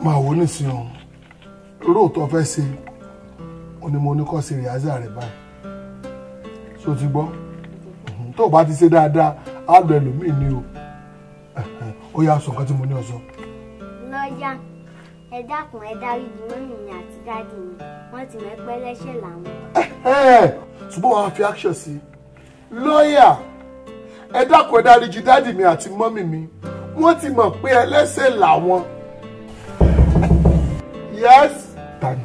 Ma wo ni si on. Ro to fe se. Oni mo ni ko se riaza re bayi. So ti gbo. To ba ti se dada, a gbe ni o. O ya so nkan ti mo ni o so. Lo ya. E dakun e wọ́n ti mọ̀ pé lẹ́ṣẹ̀ làwọn. Eh, eh, ṣùgbọ́n wọn á fi action sí lọ́ọ̀yà ẹ dákun ẹ dáríjì dáàdì mi àti mọ́mì mi wọ́n ti mọ̀ pé ẹlẹ́ṣẹ̀ làwọn. yes. tani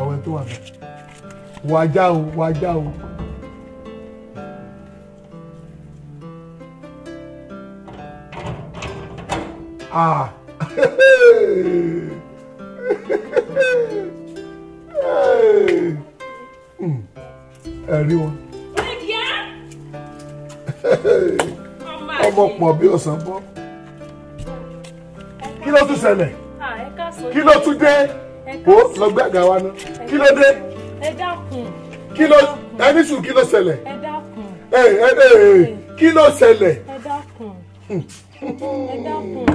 ọ̀wẹ́ tó wà bẹ̀ wájà o wájà o. ah ẹ rí wọn. ọmọ pọ̀ bí ọ̀sán bọ́. kí ló tún ṣẹlẹ̀? Ah, kí ló tún dé? kó lọ gbé àga wa náà. kí ló dé? ẹ dákun. kí ló ẹni sùn kí ló ṣẹlẹ̀? ẹ dákun. ẹ ẹ ẹ kí ló ṣẹlẹ̀? ẹ dákun. Hmm. ẹ dákun.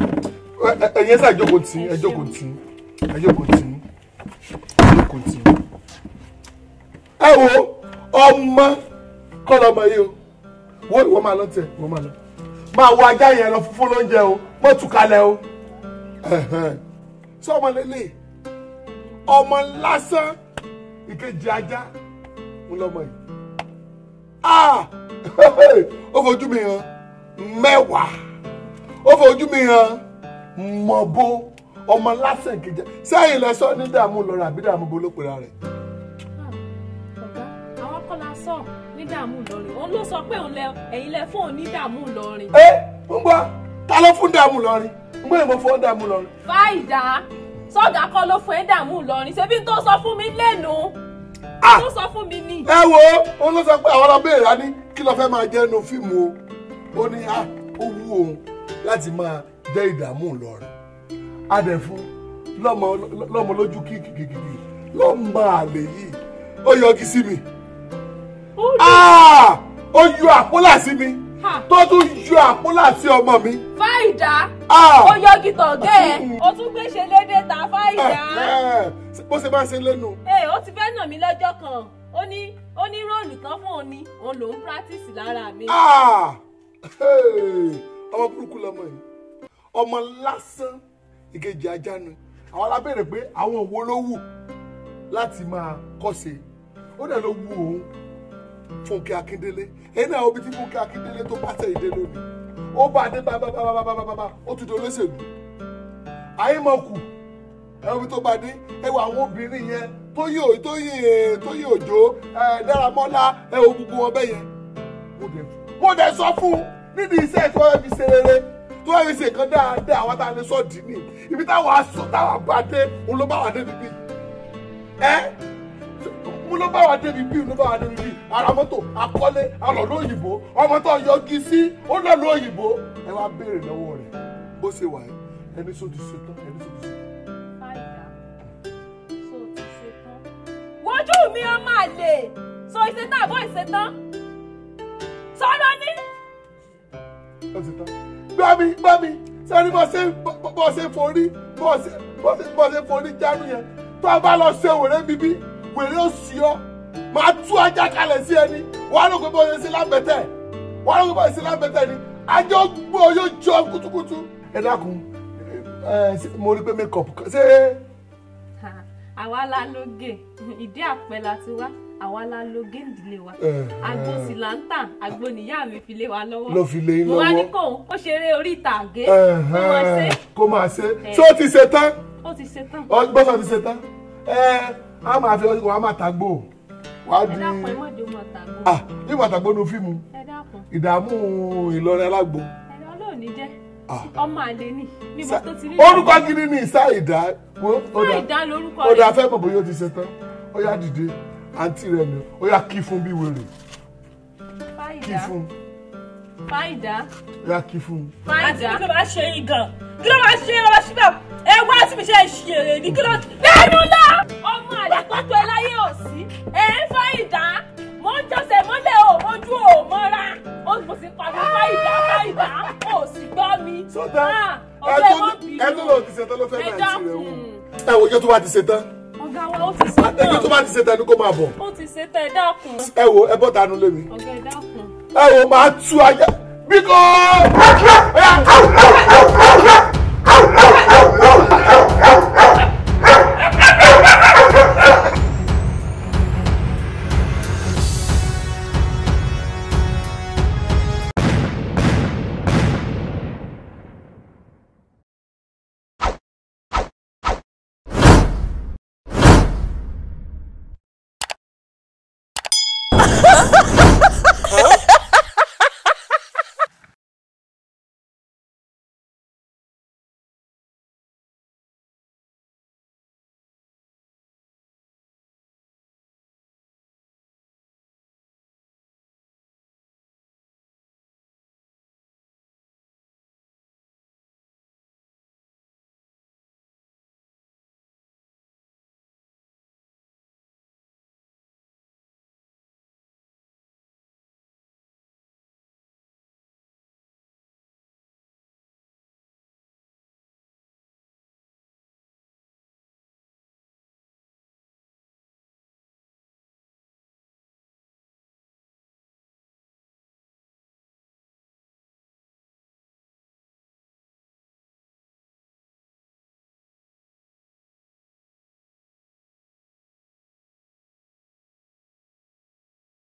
ẹ̀yin ṣàjókòó tì í ẹ jókòó tì í ẹ jókòó tì í. ẹ wo ọmọ kọlọmọ yìí o wọ́n ìwọ́n máa lọ tiẹ̀ wọ́n máa lọ máa wo ajá yẹn lọ fúnfún lóúnjẹ o mọ́ tùkalẹ̀ o sọ ọmọ lélẹ̀ ọmọ lásán ìkejì ajá ń lọmọ yìí ó fojú mi hàn mẹ́wàá ó fojú mi hàn mọ̀bó ọmọ lásán ìkejì sẹ́yìn lẹ́sọ́ ní dààmú lọ́rọ̀ àbí dààmú bolópera rẹ̀ sọ ní dààmú Ìlọrin òun ló sọ pé òun lẹ ẹ̀yin lẹ fóun ní dààmú Ìlọrin. ẹ ń gbọ́ ta ló fún dààmú Ìlọrin ń gbọ́ èèmọ̀ fún dààmú Ìlọrin. fáìdá sọ́gà kọ́ ló fún ẹ dààmú Ìlọrin ṣebí tó sọ fún mi lẹ́nu ah! tó sọ fún mi ni. ẹ wo òun ló sọ pé àwọn ọlọ́bẹ̀ ìlà ní kí ló fẹ́ máa jẹ́ inú fíìmù o ó ní a ah, ó wú òun láti máa jẹ́ ìdààmú Ìlọrin a dẹ̀ lọ́mọ lójú kíkìkìkì lọ́mọ àlè yìí ó yọjú sí mi. Ah! ó yọ àpólà sí mi tó tún yọ àpólà sí ọmọ mi. fáìdá ah! ó yọ gìtọ̀ gẹ́ ẹ̀ ó tún gbéṣe lédè ta fáìdá. Eh, eh. bó ṣe máa ṣe lẹ́nu. ee eh, ó ti fẹ́ nà mí lọ́jọ́ kan ó ní ó ní róòlù kan fún òun ni òun lòún pírátìsì lára mi. Ah! ọmọ burúkú lọmọ yìí ọmọ lásán ìkejì ajá ni àwọn alábẹ̀rẹ̀ pé àwọn wo ló wù láti máa kọ́ ṣe ó dẹ̀ ló wù òun fúnkẹ́ akíndélé ẹni àwọn obì tí fúnkẹ́ akíndélé tó bá tẹ̀yìn lónìí ó bá dé bábábábábábá ó ti di olóṣèlú àyèmọ̀kù ẹ̀rọ mi tó bá dé ẹwà àwọn obìnrin yẹn tó yí tó yí tó yí òjò dáramọ́lá ẹ̀wọ̀ gbogbo wọn bẹ́ẹ̀ yẹn mo dẹ̀ sọ fún nídìí iṣẹ́ tó wọ́n fi ṣe rere tó wọ́n fi ṣe nǹkan dáadáa àwọn táwọn ẹni sọ́ọ̀dì ni ibi táwọn aṣọ táwọn bá dé dé níbí ẹ́ mú ló bá wa débi bíi ló bá wa débi bíi ara mọ́tò akọ́lé alọ́lọ́ òyìnbó ọmọ tó yọgi sí ó lọ́lọ́ òyìnbó ẹ wá béèrè lọ́wọ́ rẹ̀ bó ṣe wà ẹni sọ ti ṣetán ẹni sọ ti ṣetán. wojú mi ó máa lè sọ ìṣetán àbọ̀ ìṣetán sọ̀rọ̀ ni. ó ti tán gbámi gbámi sẹ́ni bọ́ ṣe bọ́ ṣe forí bọ́ ṣe forí jánu yẹn tó a bá lọ ṣe òwúrẹ́ bíbí wèrè òsì ọ máa tú ajá kalẹ̀ sí ẹni wàá ló gbé bóyá sí lábẹ́tẹ̀ wàá ló gbé bóyá sí lábẹ́tẹ̀ ni ajá gbó yóò jọ kutukutu ẹ dákun mo rí pé makeup ṣe. àwa la ló gé ìdí àpẹ la ti wá àwa la lo géńdìlé wa agbo sì là ń tà agbo nìyá mi fi lé wa lọ́wọ́ ló fi lé yín lọ́wọ́ mo wá ní kò ó ṣeré orí ìtàgé kó máa ṣe. kó máa ṣe ṣé ó ti ṣe tán. ó ti ṣe tán. ọgbọ́n sọ ti ṣe tán a máa fi ọdún kan wá máa tàgbò wá di ah nígbà tàgbò nu fíìmù ìdààmú Ìlọrin alágbo. Ah. ọmọ àlè ni níbo tó ti rí. orúkọ gidi ni Saida. Saida lórúkọ rẹ. ọ̀dà afẹ́ mọ̀ bóyá o ti ṣe tán ó yá dìde àǹtí rẹ ni ó yá kí fún bí wèrè. kí fún. Fáìdá. ó yá kí fún. Fáìdá. àti kí ló bá ṣe yín gan kí ló bá ṣe yín lọ́wọ́ ẹ wá síbi iṣẹ́ ìṣèrè ní kí ló. bẹ́ẹ̀ ni ó lọ ẹ̀dá pọ́tò ẹ láyé ò sí ẹ̀ ń fọ́ ìdá mo ń jọ́sẹ̀ mọ́lẹ̀ ò ojú ò mọ́ra ó kò sí pàmò fọ́ ìdá fọ́ ìdá ò sì gbọ́ mi. sọta ah, ẹ tó lọ ti ṣetán ló fẹ́ náà ti rẹ̀ wù ẹ wo yóò tó bá ti ṣetán. ọ̀gá wa ó ti ṣetán. àtẹ̀jọ́ tó bá ti ṣetán ni kó máa bọ̀. ó ti ṣetán ẹ dákun. ẹ wo ẹ bọ́ tanu lé mi. ọ̀gá ẹ dákun. ẹ wo máa tú ayé bíkọ́.